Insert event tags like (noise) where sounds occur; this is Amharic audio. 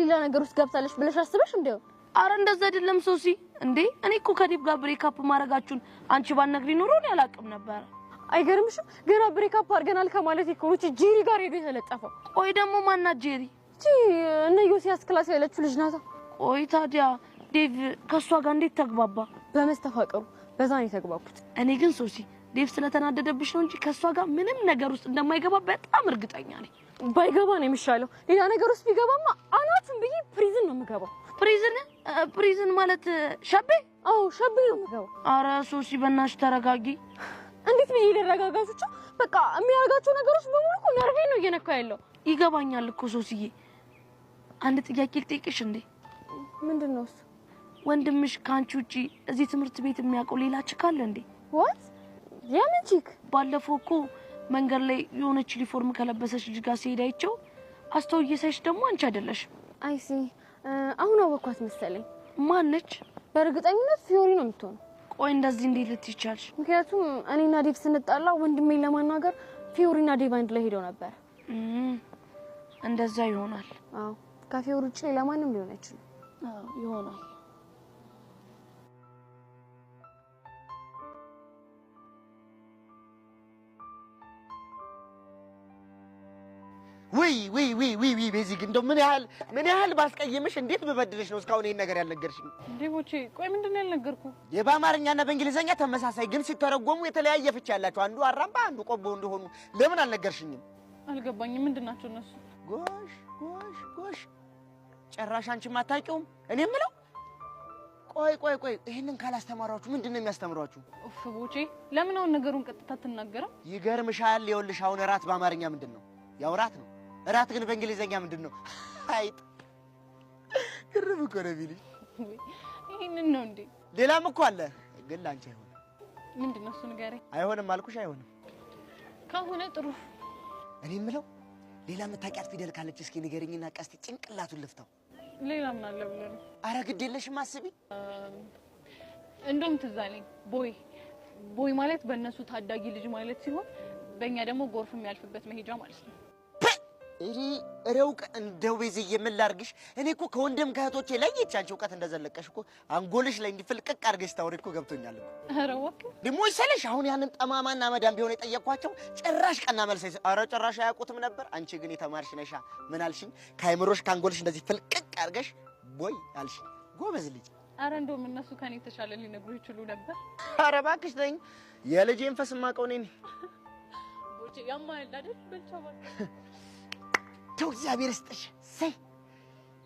ሌላ ነገር ውስጥ ገብታለች ብለሽ አስበሽ እንደው አረ እንደዛ አይደለም ሶሲ እንዴ እኔ እኮ ከዲብ ጋር ብሬካፕ ማድረጋችሁን አንቺ ባትነግሪ ኑሮ እኔ አላውቅም ነበረ አይገርምሽም ገና ብሬካፕ አድርገናል ከማለት የኮኑች ጄሪ ጋር ሄዶ የተለጠፈው ቆይ ደግሞ ማናት ጄሪ እቺ እነ ዮሲያስ ክላስ ያለችው ልጅ ናት ቆይ ታዲያ ዴቭ ከእሷ ጋር እንዴት ተግባባ በመስተፋቀሩ በዛ ነው የተግባቡት እኔ ግን ሶሲ ዴቭ ስለተናደደብሽ ነው እንጂ ከእሷ ጋር ምንም ነገር ውስጥ እንደማይገባ በጣም እርግጠኛ ነኝ ባይገባ ነው የሚሻለው። ሌላ ነገር ውስጥ ቢገባማ አናቱን ብዬ ፕሪዝን ነው የምገባው። ፕሪዝን ፕሪዝን ማለት ሸቤ? አዎ ሸቤ ነው የምገባው። ኧረ ሶሲ በእናትሽ ተረጋጊ። እንዴት ብዬ ልረጋጋ? በቃ የሚያደርጋቸው ነገሮች በሙሉ እኮ ነርቬ ነው እየነካ ያለው። ይገባኛል እኮ ሶሲዬ። አንድ ጥያቄ ልጠይቅሽ እንዴ? ምንድን ነው እሱ? ወንድምሽ ከአንቺ ውጪ እዚህ ትምህርት ቤት የሚያውቀው ሌላ ችክ አለ እንዴ? ዋት? የምን ችክ? ባለፈው እኮ መንገድ ላይ የሆነች ዩኒፎርም ከለበሰች ልጅ ጋር ሲሄድ አይቼው አስተውየሰች ደግሞ አንቺ አይደለሽም። አይሲ አሁን አወኳት መሰለኝ። ማነች? በእርግጠኝነት ፊዮሪ ነው የምትሆነው። ቆይ እንደዚህ እንዴት ልትይቻልሽ? ምክንያቱም እኔና ዴቭ ስንጣላ ወንድሜን ለማናገር ፊዮሪና ዴቭ አንድ ላይ ሄደው ነበር። እንደዛ ይሆናል። አዎ ከፊዮሪ ውጭ ሌላ ማንም ሊሆን አይችልም። ይሆናል ውይ ውይ ውይ ውይ ውይ ቤዚግ እንደው ምን ያህል ምን ያህል ባስቀየምሽ፣ እንዴት በበድልሽ ነው እስካሁን ይሄን ነገር ያልነገርሽኝ? እንዴ ቦቼ፣ ቆይ ምንድን ነው ያልነገርኩህ? በአማርኛና በእንግሊዘኛ ተመሳሳይ ግን ሲተረጎሙ የተለያየ ፍቺ ያላቸው አንዱ አራምባ አንዱ ቆቦ እንደሆኑ ለምን አልነገርሽኝም? አልገባኝም። ምንድን ናቸው እነሱ? ጎሽ ጎሽ ጎሽ፣ ጭራሽ አንቺም አታውቂውም። እኔ የምለው ቆይ ቆይ ቆይ፣ ይህንን ካላስተማሯችሁ ምንድን ነው የሚያስተምሯችሁ? ኡፍ ቦቼ፣ ለምን አሁን ነገሩን ቀጥታ አትናገርም? ይገርምሻል። ይኸውልሽ አሁን እራት በአማርኛ ምንድን ነው? ያው እራት ነው እራት ግን በእንግሊዘኛ ምንድን ነው? አይጥ ግርም እኮ ነው የሚልሽ። ይህንን ነው እንዴ? ሌላም እኮ አለ፣ ግን ለአንቺ አይሆንም። ምንድን ነው እሱ ንገረኝ። አይሆንም አልኩሽ፣ አይሆንም። ከሆነ ጥሩ። እኔ የምለው ሌላ የምታውቂያት ፊደል ካለች እስኪ ንገረኝና ቀስቲ ጭንቅላቱን ልፍተው ሌላ ምን አለ ብለህ ነው? አረ ግድ የለሽም አስቢ። እንደውም ትዝ አለኝ ቦይ ቦይ ማለት በእነሱ ታዳጊ ልጅ ማለት ሲሆን በእኛ ደግሞ ጎርፍ የሚያልፍበት መሄጃ ማለት ነው። እኔ ረውቅ እውቀት እንደው ቤዝዬ እኔ እኮ ከወንድም ከእህቶቼ ላይ የቻንቺ እውቀት እንደዘለቀሽ እኮ አንጎልሽ ላይ እንዲፍልቅቅ አርገሽ ታውሪ እኮ ገብቶኛል። ደግሞ ይሰለሽ አሁን ያንን ጠማማና መዳም ቢሆን የጠየቅኳቸው ጭራሽ ቀና መልስ አይሰ ኧረ ጭራሽ አያውቁትም ነበር። አንቺ ግን የተማርሽ ነሻ። ምን አልሽኝ? ከአይምሮሽ ከአንጎልሽ እንደዚህ ፍልቅቅ አርገሽ ቦይ አልሽ። ጎበዝ ልጅ። ኧረ እንደውም እነሱ ከኔ የተሻለ ሊነግሩ ይችሉ ነበር። አረ እባክሽ ተይኝ። የልጄን ፈስ ነኝ እኔ ነኝ። ያማል አይደል? ብቻ (laughs) ተው እግዚአብሔር ይስጥሽ ሰይ